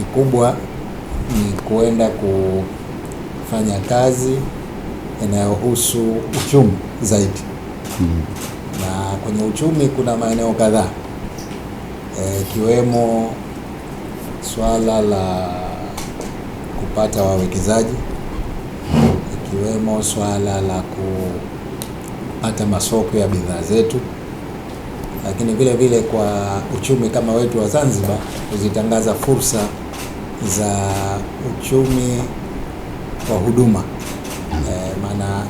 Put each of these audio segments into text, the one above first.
kikubwa ni kuenda kufanya kazi inayohusu uchumi zaidi hmm. na kwenye uchumi kuna maeneo kadhaa e, ikiwemo e, swala la kupata wawekezaji ikiwemo swala la kupata masoko ya bidhaa zetu lakini vile vile kwa uchumi kama wetu wa Zanzibar kuzitangaza fursa za uchumi wa huduma e, maana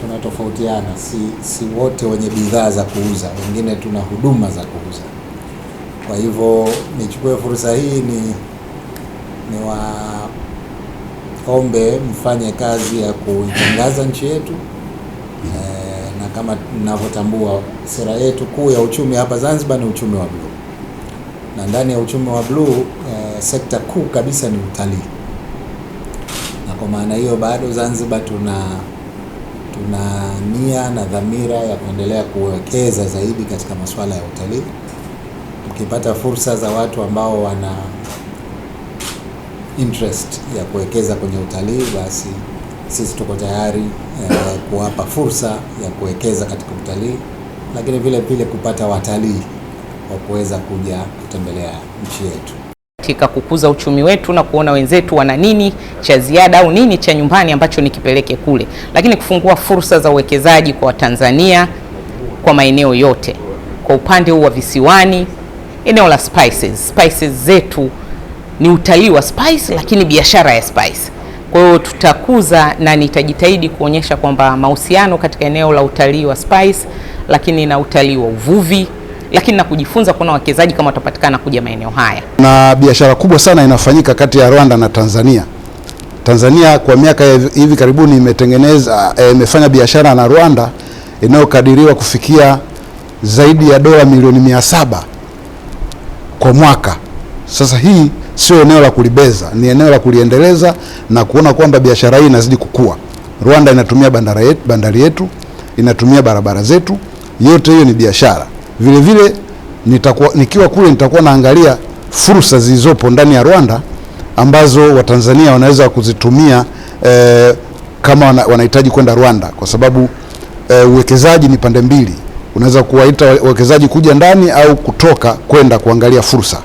tunatofautiana, si, si wote wenye bidhaa za kuuza, wengine tuna huduma za kuuza. Kwa hivyo nichukue fursa hii ni ni waombe mfanye kazi ya kuitangaza nchi yetu e, kama ninavyotambua, sera yetu kuu ya uchumi hapa Zanzibar ni uchumi wa bluu, na ndani ya uchumi wa bluu uh, sekta kuu kabisa ni utalii, na kwa maana hiyo bado Zanzibar tuna tuna nia na dhamira ya kuendelea kuwekeza zaidi katika masuala ya utalii. Mkipata fursa za watu ambao wana interest ya kuwekeza kwenye utalii basi sisi tuko tayari eh, kuwapa fursa ya kuwekeza katika utalii, lakini vile vile kupata watalii wa kuweza kuja kutembelea nchi yetu katika kukuza uchumi wetu na kuona wenzetu wana nini cha ziada au nini cha nyumbani ambacho nikipeleke kule, lakini kufungua fursa za uwekezaji kwa Tanzania kwa maeneo yote, kwa upande huu wa visiwani, eneo la spices. Spices zetu ni utalii wa spice, lakini biashara ya spice kwa hiyo tutakuza na nitajitahidi kuonyesha kwamba mahusiano katika eneo la utalii wa Spice, lakini na utalii wa uvuvi, lakini na kujifunza kuona wawekezaji kama watapatikana kuja maeneo haya. Na biashara kubwa sana inafanyika kati ya Rwanda na Tanzania. Tanzania kwa miaka hivi karibuni imetengeneza eh, imefanya biashara na Rwanda inayokadiriwa kufikia zaidi ya dola milioni mia saba kwa mwaka. Sasa hii sio eneo la kulibeza, ni eneo la kuliendeleza na kuona kwamba biashara hii inazidi kukua. Rwanda inatumia bandari yetu, bandari yetu inatumia barabara zetu, yote hiyo ni biashara. Vile vile nitakuwa, nikiwa kule nitakuwa naangalia fursa zilizopo ndani ya Rwanda ambazo Watanzania wanaweza kuzitumia eh, kama wanahitaji kwenda Rwanda kwa sababu eh, uwekezaji ni pande mbili, unaweza kuwaita wawekezaji kuja ndani au kutoka kwenda kuangalia fursa.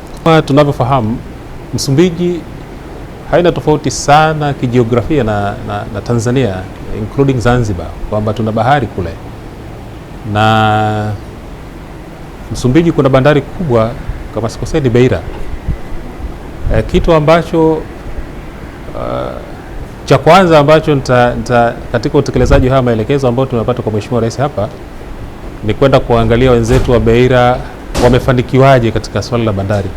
Tunavyofahamu Msumbiji haina tofauti sana kijiografia na, na, na Tanzania including Zanzibar kwamba tuna bahari kule na Msumbiji kuna bandari kubwa kama sikosei ni Beira. E, kitu ambacho uh, cha kwanza ambacho nita, nita, katika utekelezaji haya maelekezo ambayo tumepata kwa Mheshimiwa Rais hapa ni kwenda kuangalia wenzetu wa Beira wamefanikiwaje katika swala la bandari.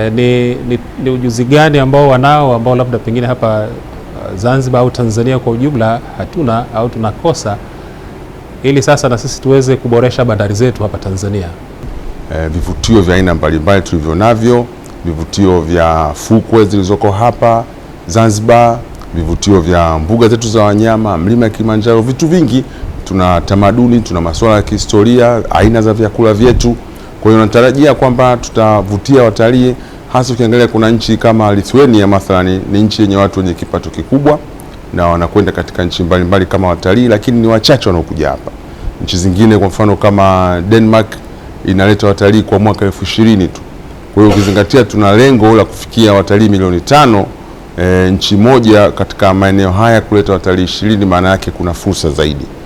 Eh, ni, ni, ni ujuzi gani ambao wanao ambao labda pengine hapa eh, Zanzibar au Tanzania kwa ujumla hatuna au tunakosa ili sasa na sisi tuweze kuboresha bandari zetu hapa Tanzania? E, vivutio vya aina mbalimbali tulivyo navyo, vivutio vya fukwe zilizoko hapa Zanzibar, vivutio vya mbuga zetu za wanyama, mlima ya Kilimanjaro, vitu vingi. Tuna tamaduni, tuna masuala ya kihistoria, aina za vyakula vyetu kwa hiyo natarajia kwamba tutavutia watalii, hasa ukiangalia kuna nchi kama Lithuania mathalani, ni nchi yenye watu wenye kipato kikubwa na wanakwenda katika nchi mbalimbali kama watalii, lakini ni wachache wanaokuja hapa. Nchi zingine kwa mfano kama Denmark inaleta watalii kwa mwaka elfu ishirini tu. Kwa hiyo ukizingatia tuna lengo la kufikia watalii milioni tano e, nchi moja katika maeneo haya kuleta watalii ishirini, maana yake kuna fursa zaidi.